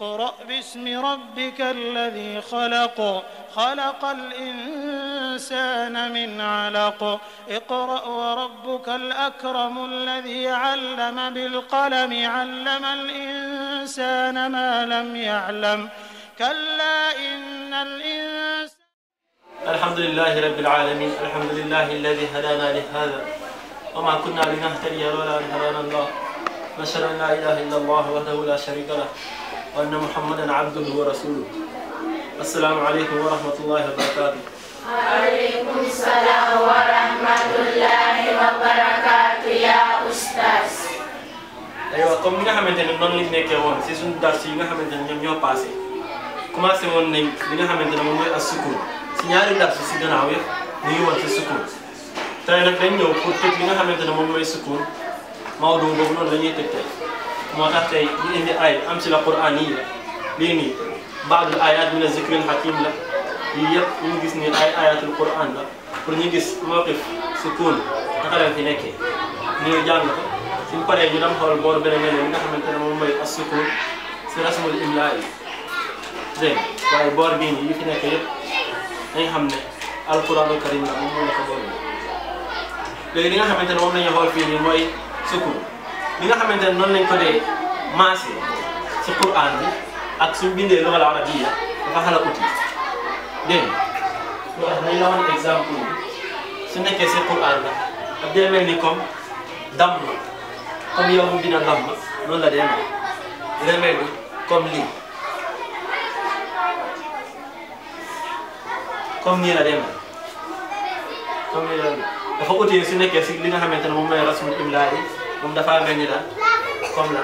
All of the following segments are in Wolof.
اقرأ باسم ربك الذي خلق خلق الإنسان من علق اقرأ وربك الأكرم الذي علم بالقلم علم الإنسان ما لم يعلم كلا إن الإنسان الحمد لله رب العالمين الحمد لله الذي هدانا لهذا وما كنا لنهتدي لولا أن هدانا الله نشهد أن لا إله إلا الله وحده لا شريك له وأن محمدا عبده ورسوله السلام عليكم ورحمة الله وبركاته عليكم السلام ورحمة الله وبركاته يا أستاذ أيوة كم نحن من جنون نلقي نكوان سيسون درسي نحن من جنون يوم باسي كما سيمون نيم نحن من جنون موي السكون سنيار درسي سيدنا عويف نيوان السكون ترى نحن نيو كتب نحن من جنون موي السكون ما هو دوبو نحن نيو moo tax tey ñu indi ay am ci la quran yi la lii nii baadul ayat min azikril hakim la yii yëpp ñu gis nii ay ayatul quran la pour ñu gis mawqif sukuun naka la fi nekkee ñu jàng ko suñ paree ñu dem xool boor beneen beneen bi nga xamante ne moom mooy as-sukuun si rasmul imlaa yi dégg waaye boor bii nii yi fi nekk yëpp dañ xam ne alquranul karim la moom moo nekk boor bi léegi li nga xamante ne moom la ñuy xool fii nii mooy sukuun li nga xamante ne noonu lañ ko dee maase ci Qur'an bi ak suñ bindee lu wala arabiya dafa xala uti dégg nga wax la woon exemple su nekkee ci Qur'an la daf dee mel ni comme dam comme yow la dee mel ni comme lii comme nii la dee mel comme nii la dafa utee li nga xamante ne moom mooy rasul imlaa moom dafa mel ni daal comme la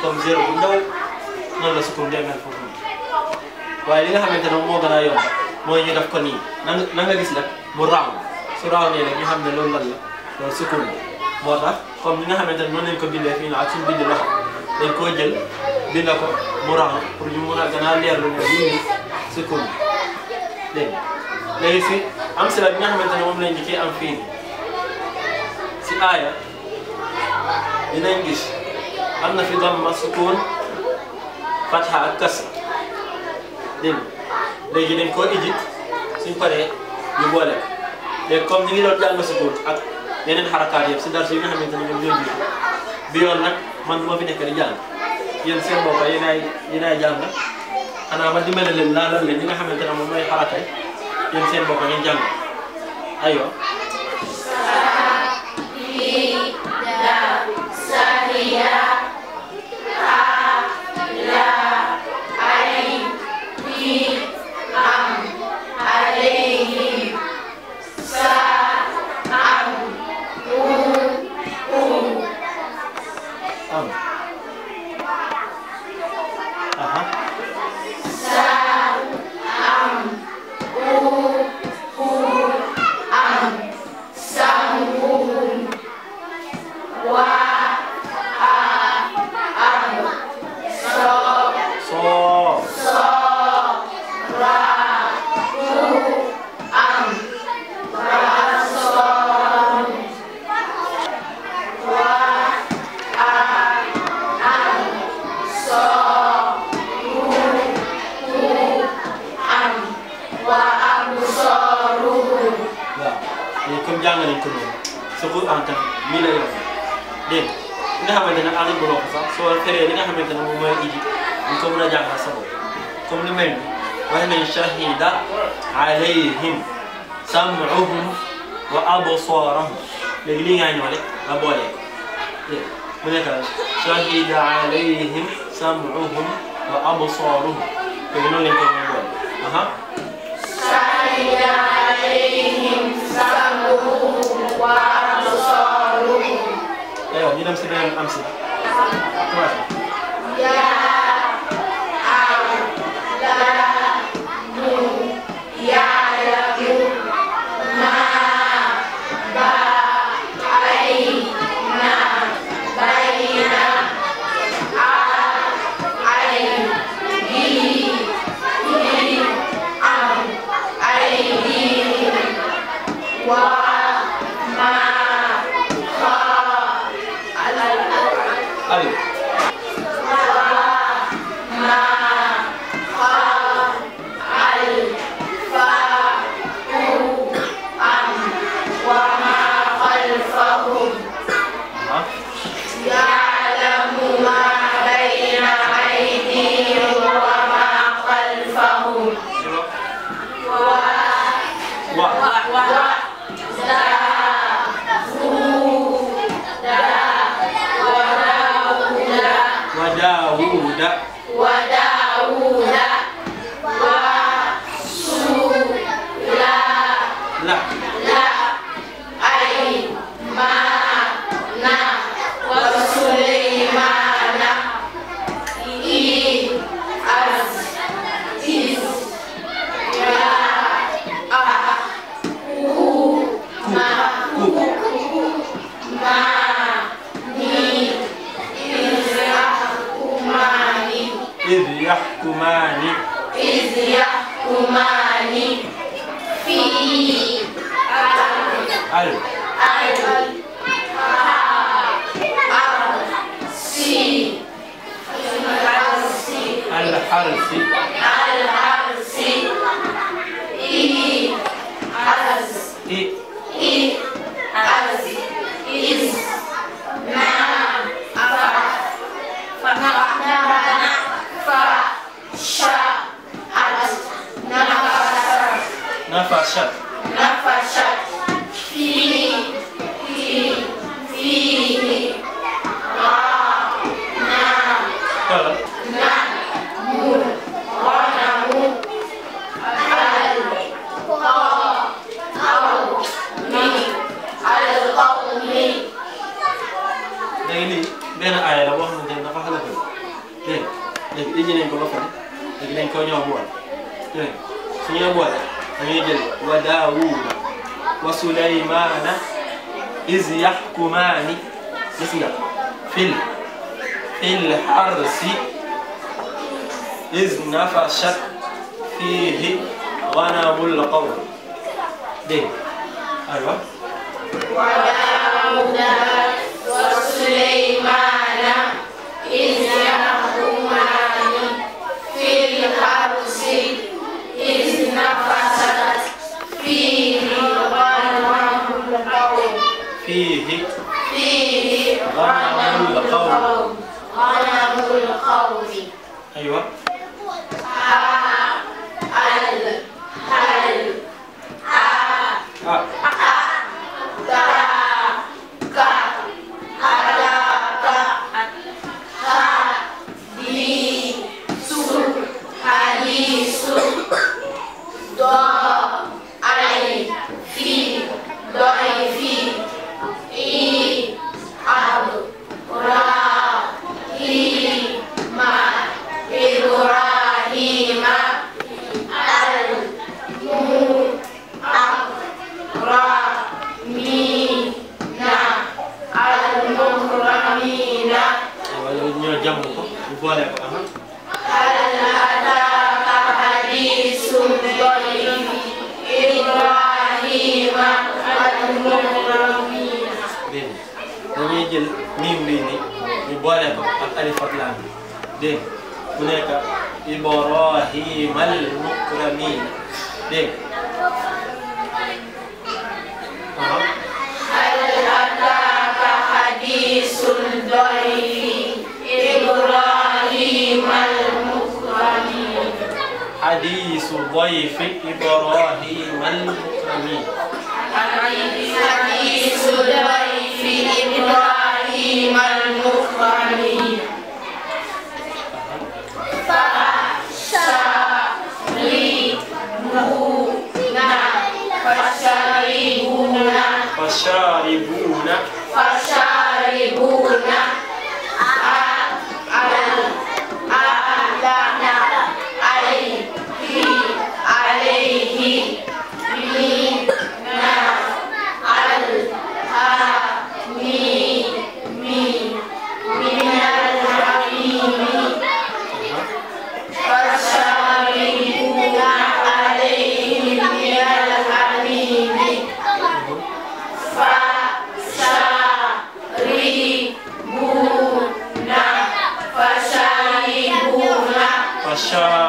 comme zéro bu ndaw noonu la sukkum demee foofu waaye li nga xamante ne moo gën a yomb mooy ñu def ko nii na nga gis nag mu raaw su raaw nee nag ñu xam ne loolu lan la loolu sukkum la moo tax comme li nga xamante ne noonu lañ ko bindee fii na ak suñu bind loxo dañ koo jël bind ko mu raaw pour ñu mun a gën a leer lu ne lii sukkum dégg nga léegi si am si la bi nga xamante ne moom lañ njëkkee am fii si aaya dinañ gis am na fi damma sukuun fatha ak kas dégg léegi dañ koo ijit suñ paree ñu boole léegi comme ñu ngi doon jàng sukuun ak yeneen xarakaat yëpp si dars yi nga xamante ne ñoom ñoo jiitu bi yoon nag man du ma fi nekk di jàng yéen seen bopp yéen ay yéen ay jàng xanaa ma dimbale leen laalal leen ñi nga xamante ne moom mooy xarakay yéen seen bopp ngeen jàng aywa من شهد عليهم سمعهم وأبصارهم لقلي يعني ولا أبوي إيه. من منك شهد عليهم سمعهم وأبصارهم لقلين يعني لك أها شهد عليهم سمعهم وأبصارهم أيوه دي نمسي بين أمسي سليمان إذ يحكمان في في إذ نفشت فيه غنم القوم دين أيوة وداود وسليمان إذ يحكمان القول غلبوا القول أيوه آه. ضيف إبراهيم المكرم حديث ضيف إبراهيم المكرم فشاربون فشاربون Russia.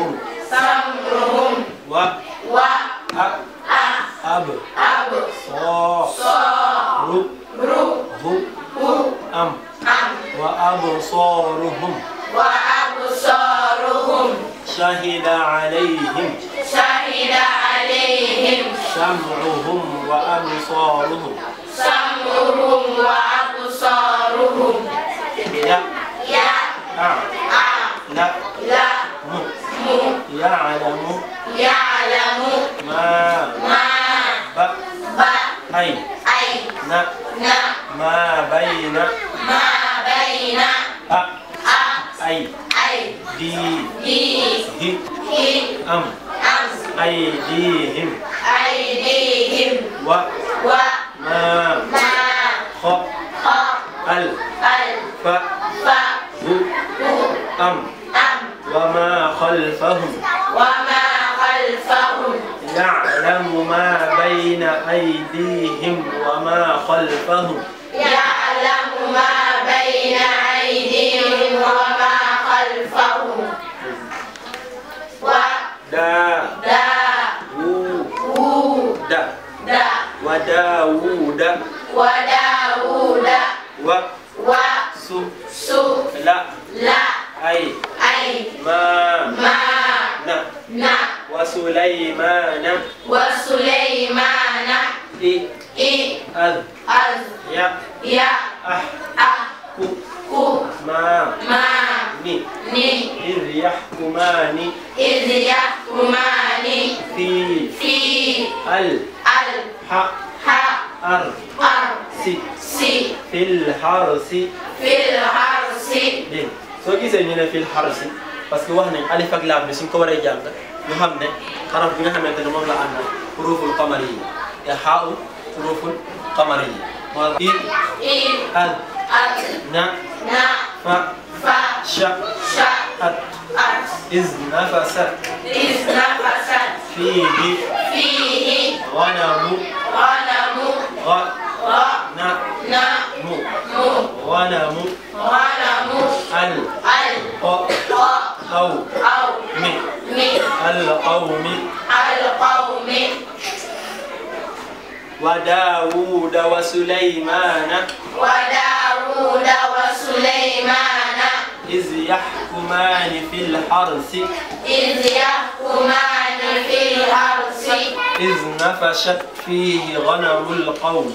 sam'uhum sam'uhum wa wa a a ab ab so so ru ru hu hu am am wa absaruhum wa absaruhum shahida alaihim shahida alaihim sam'uhum wa absaruhum sam'uhum wa absaruhum ya ya a a la la يعلم يعلم ما ما ب ب أي أي ن ن ما بين ما بين أ أ أي أي دي دي دي أم أم أيديهم أيديهم و و ما ما خ خ ال ال ف ف ب أم وما خلفهم وما خلفهم يعلم ما بين أيديهم وما خلفهم يعلم ما بين أيديهم وما خلفهم و دا دا وو دا دا وداوود وداوود و و سو سو لا لا أي ما ما ن ن وسليمان وسليمان إ إ أذ أذ ي يا أح أح كو كو ما ما ني ني إذ يحكمان إذ يحكمان في في ال ال ح ح أر أر سي سي في الحرس في الحرس بن soo gisee ñu ne fil xarsi parce que wax nañ alif ak laam bi suñ ko waree jàng ñu xam ne xaraf bi nga xamante ne moom la àndal xuruuful qamari yi te xaaw xuruuful qamari yi moo i al na fa fa sha at iz nafasat iz nafasat fiihi fiihi wanamu wanamu ن ن م ظلم ظلم ال ال أو أو م م القوم القوم وداوود وسليمان وداوود وسليمان إذ يحكمان في الحرث إذ يحكمان في الحرث إذ نفشت فيه غنم القوم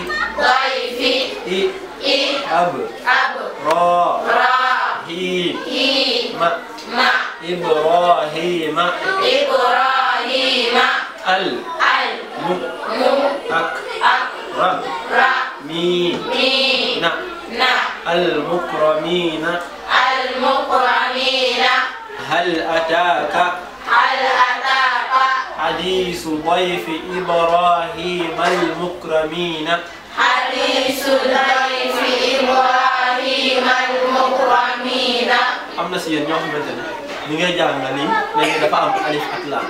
ñu ngay jàng nii léegi dafa am alif ak laam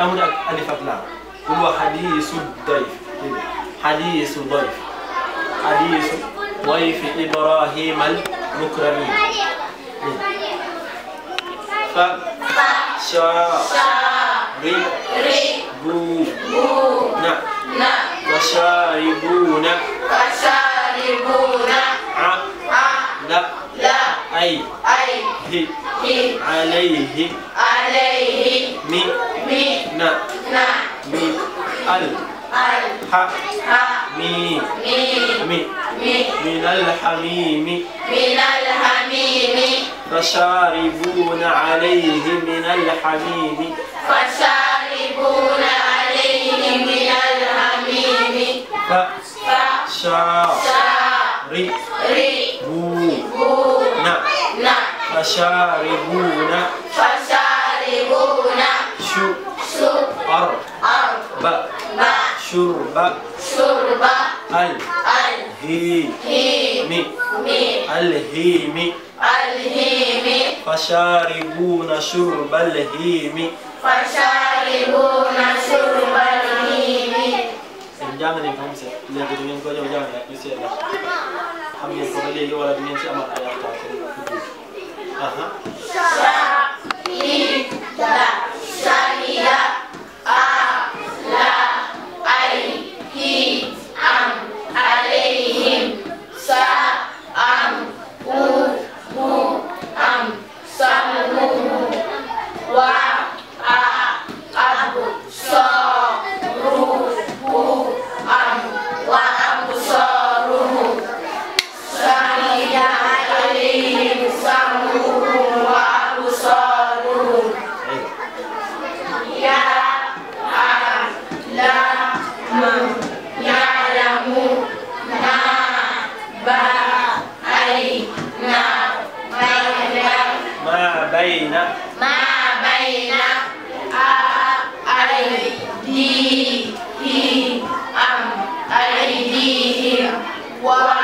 amul ak alif ak laam pour wax hadiisu dayf hadiisu dayf hadiisu dayfi Ibrahima al mukramin fa شاربون وشاربون وشاربون عقل أي أي عليه عليه من من نا مي ال ح مي مي من الحميم من الحميم فشاربون عليه من الحميم فشاربون عليه من الحميم فشاربون ري بو فشاربون فشاربون شو شرب أرب أرب شرب شرب ال الهيم الهيم الهيم فشاربون شرب الهيم فشاربون شرب الهيم جامد خمسة لا تدرين كل جامد يا الحمد لله ولا بنتي أمر على Ага. Шаг. Шаг. Wow.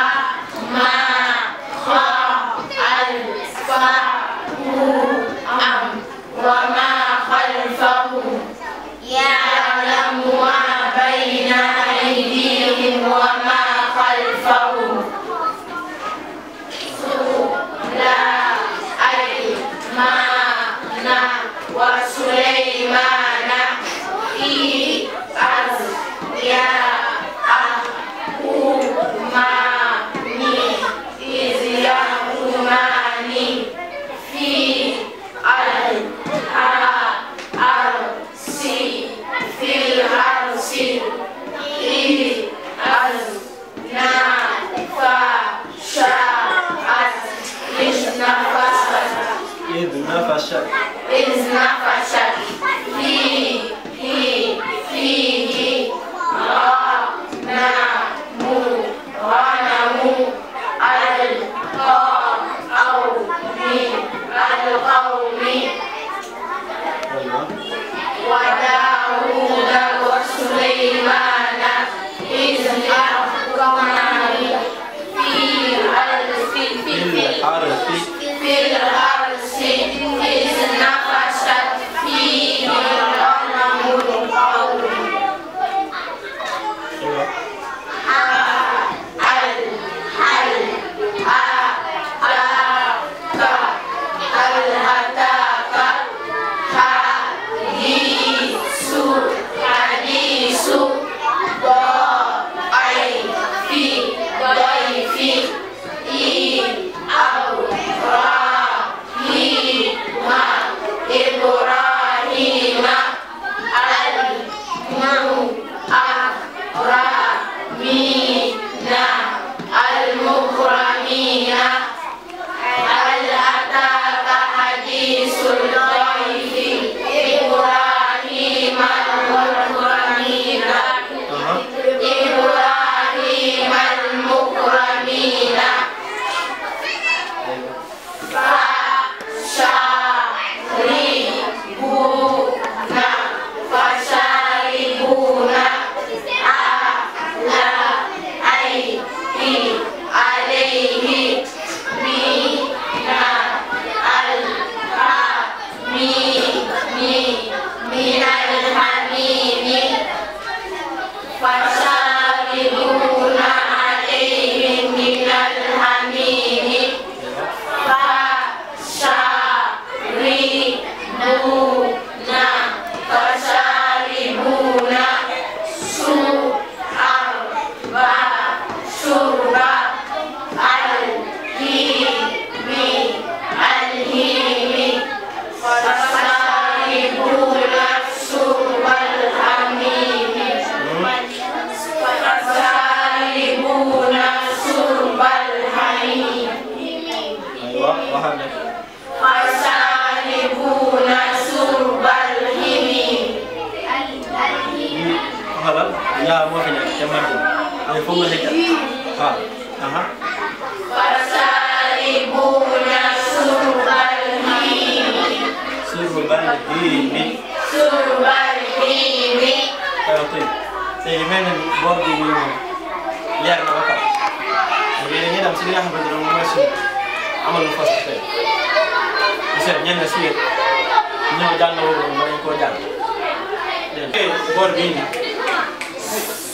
nii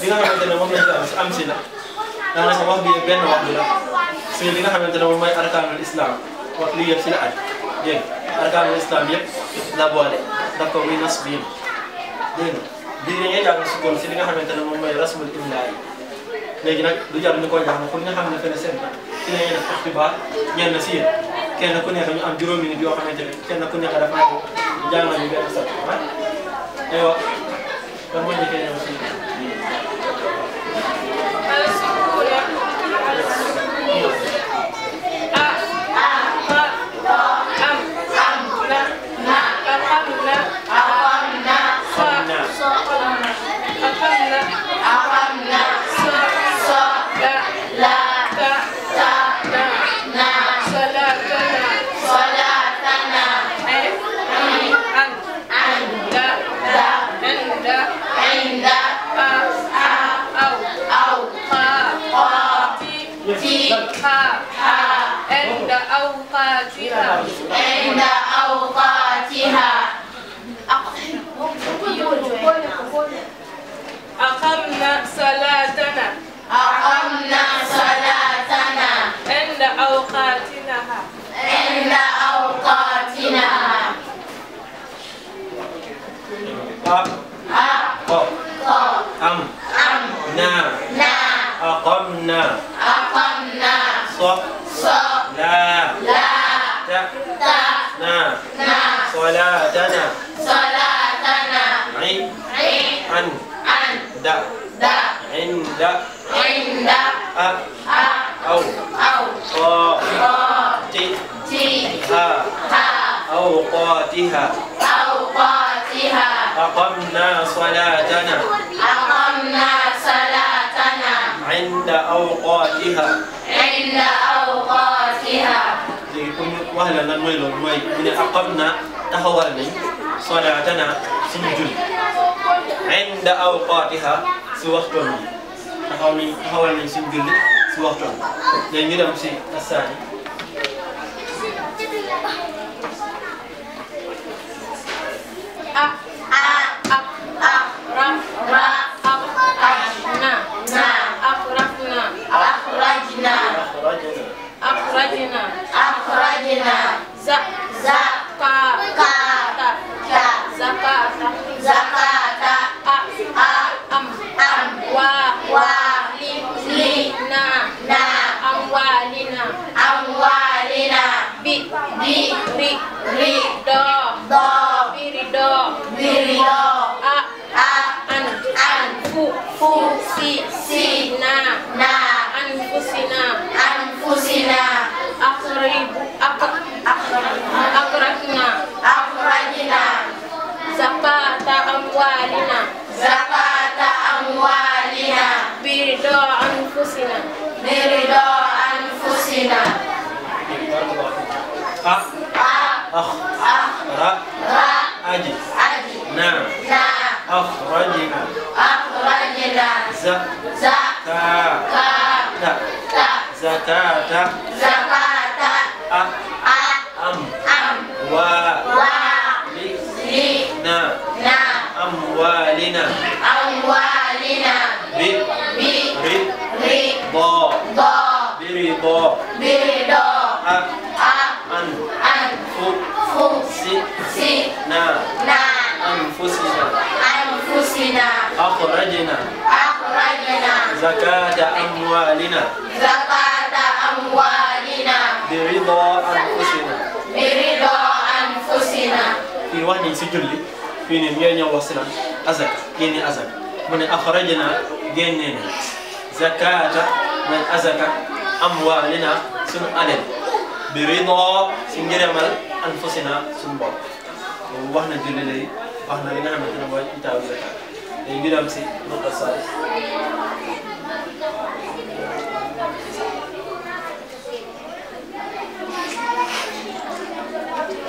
nii li nga xamante ne moom lañ ko am si am si la daanaka wax bi benn wax bi la si li nga xamante ne moom mooy arkaanul islam wax lii yëpp si la aj dégg nga arkaanul islam yëpp la boole daf ko muy nas biim dégg nga lii dañuy jàng sukkoon si li nga xamante ne moom mooy rasmul imla yi léegi nag du jar ñu ko jàng pour nga xam ne fene seen si la ñuy def ixtibaar ñenn si yéen kenn ku nekk ñu am juróomi nit yoo xamante ne kenn ku nekk dafa nekk jàng nañu benn sax ah aywa 頑張りに行けなしいです。عند أوقاتها أقمنا صلاتنا أقمنا صلاتنا ne lan mooy loolu mooy mu ne aqam na taxawal nañ solaatana suñu julli inda awqaatiha si waxtoon yi taxaw nañ taxawal nañ suñu julli si waxtoon léegi ñu dem si assaani ah aje? Aje. Na. Na. Nah. Akhrajna. Akhrajna. Za. Za. Ta. Ka. Ta. Nah. Ta. Zakata. Zakata. A. A. Am. Am. Wa. Wa. Li. Li. Na. Na. Amwalina. Amwalina. Bi. Bi. Ri. Ri. Bo. Bo. Biri. Bo. Biri. Do. A. na أنفسنا أنفسنا أخرجنا أخرجنا زكاة أموالنا زكاة أموالنا برضا أنفسنا برضا أنفسنا في واني سجلي في نميان وصلا أزك جيني أزك من أخرجنا جينينا زكاة من أزك أموالنا سن ألم برضا سنجرمال أنفسنا سنبوك wax na julli lay wax na li nga xamante ne mooy itaaw yi rek day mbiram si nuqa saay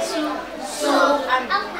So, so, and um,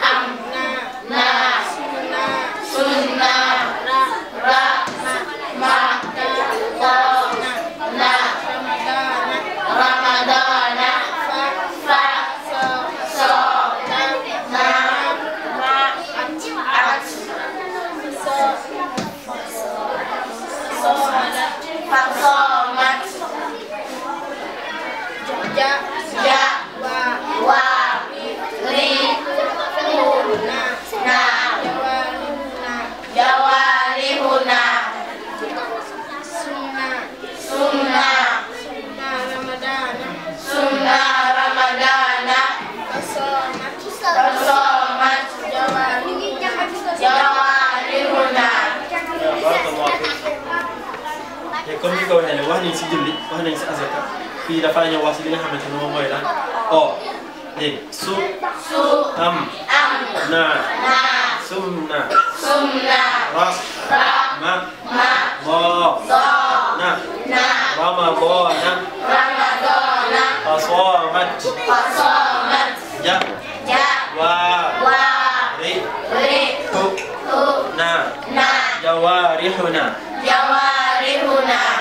ñu ko waxee ne wax nañ si julli wax nañ si azaka fii dafa ñëw wax si li nga lan su su am am sumna sumna ra ra ma ma boo na na ramadona ramadona fasomat fasomat ya ya ya, wa, ri ri tu tu na na jawarihuna jawarihuna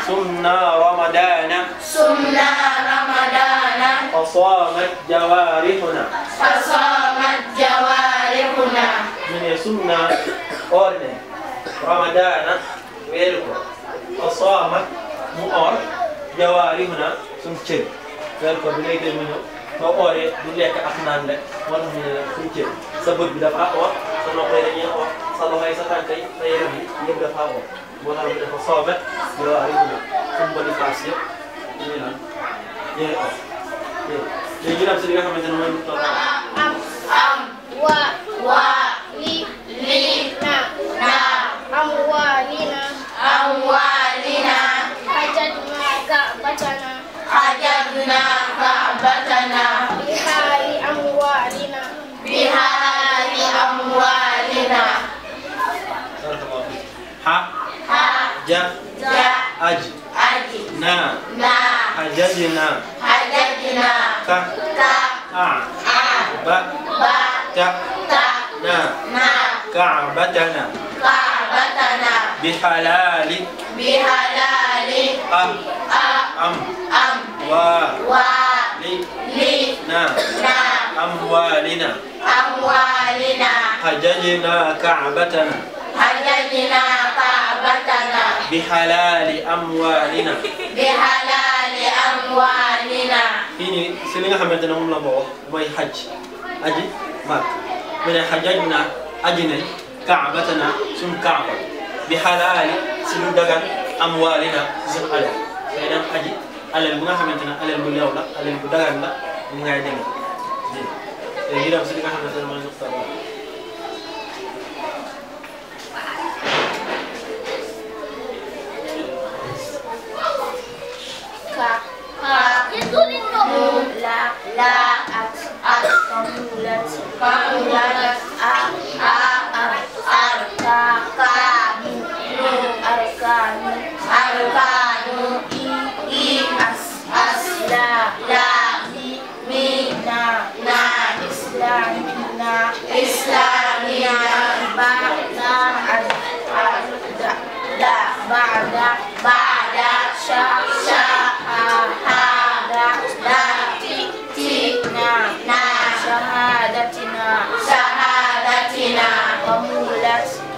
صمنا رمضان صمنا رمضان فصامت جوارحنا فصامت جوارحنا من صمنا أرنا رمضان ويركو فصامت مؤر جوارحنا سنتشر ويركو بليك المنو boo ooree du lekk ak naan rek moo tax ñu ne sa bët dafa awa sa nopp yi dañuy awa sa loxo yi sa tànk yi sa dafa awa Buat mu dafa soobet yow arrivé comme Boniface yëpp ñu naan ya a léegi ñu dem si li nga xamante am am wa wa li li na na am wa li na am wa li na حججنا حججنا ك ك أ ب ب ت ت ن ن كعبتنا كعبتنا بحلال بحلال ام أم أم و و لي أموالنا أموالنا حججنا كعبتنا حججنا كعبتنا بحلال أموالنا بحلال wa amina. fii nii si li nga xamante ne moom la ma wax mooy xaj aji màkk mu ne xajaj naa aji nañ kaabatana suñ kaaba bi xalaali si lu dagan amwaalina suñ alal ngay dem aji alal bu nga xamante ne alal bu leew la alal bu dagan la ñu ngay demee dégg nga léegi dem si li nga xamante ne mooy la a a kamulat a a a la da sya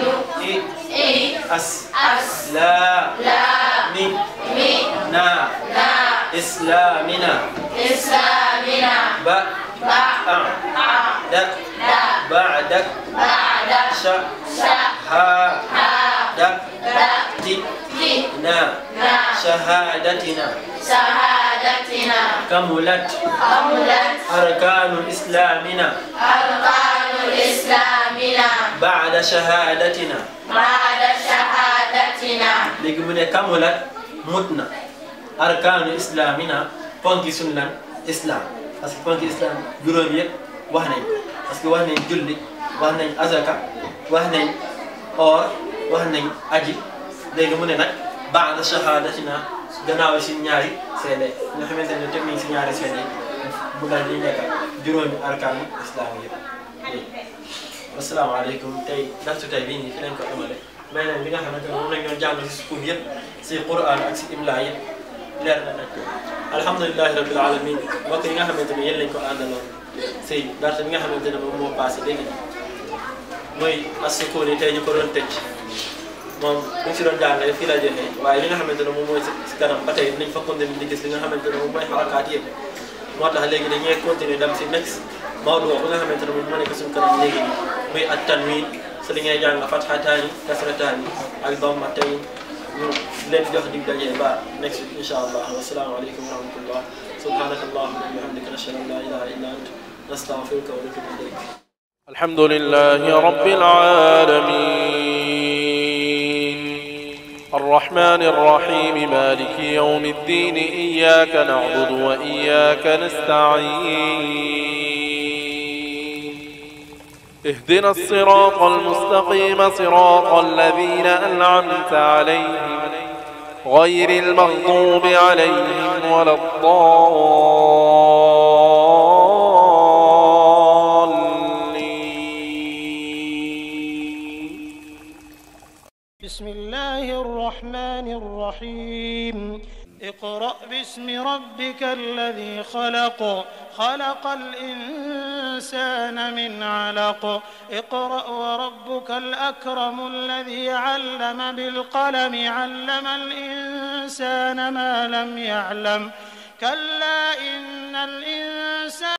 إي إي إيه. أس أس لا لا مي مي نا نا إسلامنا إسلامنا ب ب أ أ آه. آه. د د بعدك بعدك ش ش ها ها د د ت ت نا نا شهادتنا شهادتنا كملت كملت أركان إسلامنا أركان الإسلام baada shahadatina baada shahadatina léegi mu ne kamulat mut na arkaanu islamina ponki suñu islam parce que ponki islam juróom yëpp wax nañ parce que wax nañ julli wax nañ azaka wax nañ or wax nañ aji léegi mu ne nag baada shahadatina gannaaw si ñaari seede nga xamante ne teg nañ si ñaari seede mu daal di nekk juróomi arkaanu islam yëpp السلام عليكم تاي دارتو تاي بيني في لانكو امالي مانا ميغا خامتو مون نيو جانو سي سكول ييب سي قران اك سي املاي لير الحمد لله رب العالمين وقت ميغا خامتو يين لانكو اندال سي دارتو ميغا خامتو مون مو باسي ديغ موي اسكولي تاي نيو كورون تيج mom ñu ci doon jàng fi la jëne waaye li nga xamante ne moom mooy si kanam ba tey nañ fa continuer di gis li nga xamante ne moom mooy xarakaat yëpp moo tax léegi باو دو غنا هم ترى مني كسم كلام نيجي مي التنوين سلينيا جان غفات حتاني كسرتاني أيضا متي نلف جاه ديب دا جيبا نكست إن شاء الله والسلام عليكم ورحمة الله سبحانك اللهم وبحمدك نشهد أن لا إله إلا أنت نستغفرك ونتوب إليك الحمد لله رب العالمين الرحمن الرحيم مالك يوم الدين إياك نعبد وإياك نستعين اهدنا الصراط المستقيم صراط الذين أنعمت عليهم غير المغضوب عليهم ولا الضالين بسم الله الرحمن الرحيم اقرأ باسم ربك الذي خلق خلق الإنسان الإنسان من علق اقرأ وربك الأكرم الذي علم بالقلم علم الإنسان ما لم يعلم كلا إن الإنسان